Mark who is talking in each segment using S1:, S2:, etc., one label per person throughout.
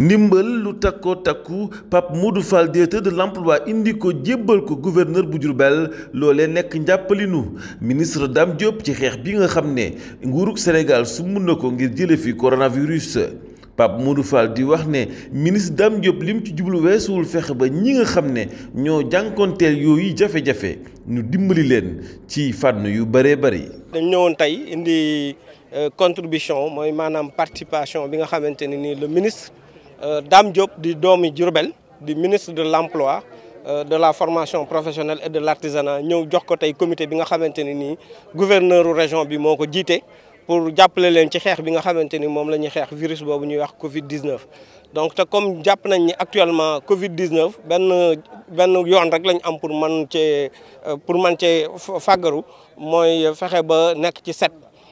S1: ndimbal lu takkoo takku Pape Modou Fall directeur de waa indi ko jébbal ko gouverneur bu Diourbel loole nekk njàppalinu ministre Dame Diop ci xeex bi nga xam ne nguurug Sénégal su mun na ko ngir jële fi coronavirus Pape Modou Fall di wax ne ministre Dame Diop lim ci jublu weesuwul fexe ba ñi nga xam ne ñoo jànkoonteel yooyu jafe-jafe ñu dimbali leen ci fànn yu bëree bëri.
S2: dañ ñëwoon tey indi euh, contribution mooy maanaam participation bi nga xamante ne nii le ministre. Euh, Dame Diop di doomi Diourbel di ministre de l'emploi euh, de la formation professionnelle et de l'artisanat ñëw jox ko tey comité bi nga xamante ne nii gouverneur région bi moo ko jiite pour jàppale leen ci xeex bi nga xamante ni moom la ñuy xeex virus boobu ñuy wax Covid 19. donc te comme jàpp nañ ni actuellement Covid 19 ben ben yoon rek lañ am pour man cee euh, pour man cee fàggaru mooy fexe ba nekk ci set.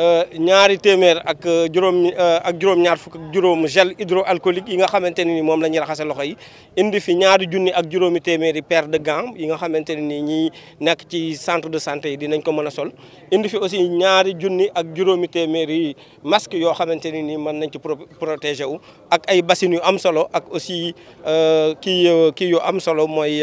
S2: Euh, ñaari téeméer ak euh, juróom euh, ak juróom-ñaar fukk ak juróom gel hydroalcoolique yi nga xamante ne ni moom la raxase loxo yi indi fi ñaari junni ak juróomi téeméeri paire de gants yi nga xamante ne ni ñi nekk ci centre de santé yi dinañ ko mën a sol indi fi aussi ñaari junni ak juróomi téeméeri masque yoo xamante ne ni mën nañ ci protéger wu ak ay bassines yu am solo ak aussi kii kii yu am solo mooy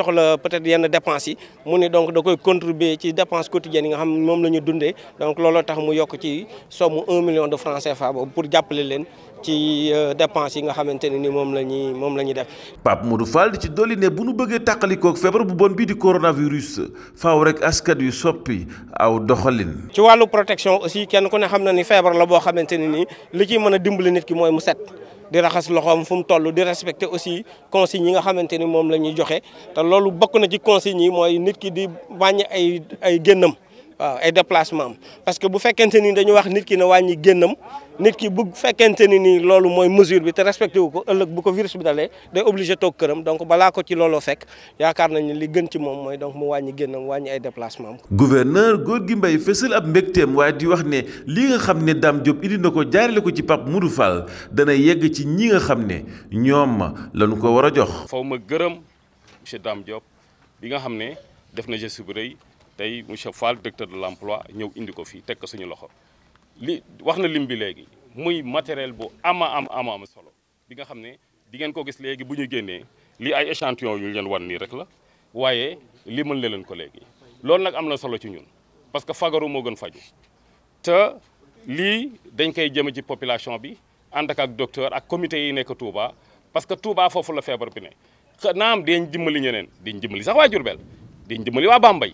S2: soxla peut-être yenn dépenses yi mu ne donc da koy contribuer ci dépenses quotidiennes yi nga xam mom lañu dundé donc lolo tax mu yok ci somme 1 million de francs CFA boobu pour jàppale leen ci euh, dépenses yi nga xamanteni ni mom la mom moom def.
S1: Pape Modou Fall ci doliné ne bu nu bëggee tàqalikook feebar bu bon bi di coronavirus faaw rek askat yu soppi aw doxalin.
S2: ci walu protection aussi kenn ku ne xam na ni feebar la bo xamanteni ni li ci mëna dimbali nit ki moy mu set di raxas loxom fum tollu di respecter aussi consigne yi nga xamanteni mom lañuy la ñuy joxe te loolu bokk na ci consigne yi moy nit ki di bañ ay ay gennam et ay déplacement parce que bu vous ni dañu wax nit qui ne wàññi qui nit ki ni mesure respecté virus bi qui day obligé donc balaa ko ci fekk nañ ne li gën ci donc mu des déplacement
S1: gouverneur Gorgui Mbaye fësal ab mbégteem que di wax ne li nga Dame Diop il na ko le ci Pape Modou Fall dana yegg ci ñi
S3: nga tey monsieur Fall directeur de l'emploi ñëw indi ko fi tek ko suñu loxo li waxna na lim bi léegi muy matériel bu ama am ama am solo bi nga xam ne di ngeen ko gis léegi buñu ñu li ay échantillon yu leen wan nii rek la wayé li mën leen ko léegi lool nak am solo ci ñun parce que fagaru mo gën faju te li dañ koy jëme ci population bi ànd ak docteur ak comité yi nekk Touba parce que Touba fofu la fièvre bi ne naam dinañ dimbali ñeneen diñ dimbali sax waa bel diñ dimbali wa bambay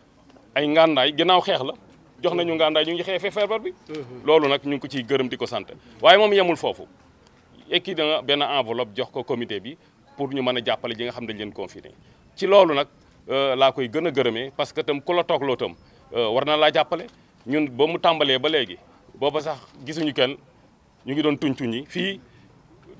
S3: ay ngàndaay ginaaw xex la jox nañu ngàndaay ñu ngi xexé feebar bi mhm. loolu nak ñu ngi ko ciy gërëm di ko sant waaye moom yemul foofu ekki ben enveloppe jox ko comité bi pour ñu mëna jappalé gi nga xam dañ leen confiné ci loolu nak euh, la koy gëna a parce que tam ku la lo tam euh, war na laa ñun ba mu tambalé ba léegi booba sax gisunu kenn ñu ngi doon tuñ-tuñ yi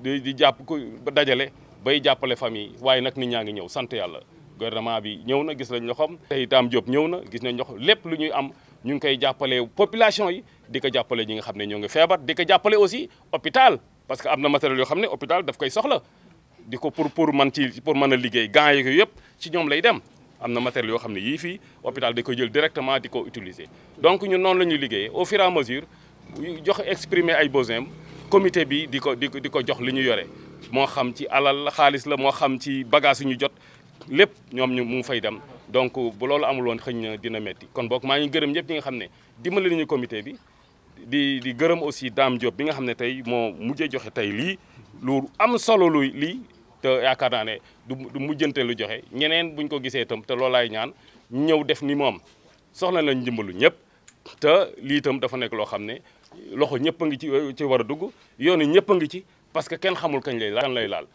S3: di di ko dajale bay jappalé famille waye nak nit ñaa ñew sante yalla gouvernement bi ñëw na gis nañ loxoom tay tam job ñëw na gis nañ loxo lepp lu ñuy am ñu ngi koy jappalé population yi di ko jàppale ñi nga xamné ne ñoo ngi feebar di ko jàppale aussi hôpital parce que amna matériel yo xamné hôpital daf koy soxla diko pour pour man ci pour mën a liggéey gants yeeg yépp ci ñom lay dem amna matériel yo xamné yi fi hôpital di ko jël directement diko utiliser donc ñun non lañu ñuy au fur et à mesure jox exprimer ay besoins comité bi diko diko jox li ñu yore moo xam ci alal xaalis la mo xam ci bagage ñu jot lépp ñoom ñu mu fay dem donc bu loolu amul woon xëñ na dina metti kon boog maa ngi gërëm ñëpp ñi nga xam ne dimbali nañu comité bi di di gërëm aussi Dame Diop bi nga xam ne tey moo mujjee joxe tey lii lu am solo lu lii yaakaar naa ne du du mujjante lu joxe ñeneen buñ ko gisee itam te loolaay ñaan ñëw def ni moom soxla nañ dimbalu ñëpp te lii itam dafa nekk loo xam ne loxo ñëpp a ngi ci ci war a dugg yoonu ñëpp a ngi ci parce que kenn xamul kañ lay laal lay laal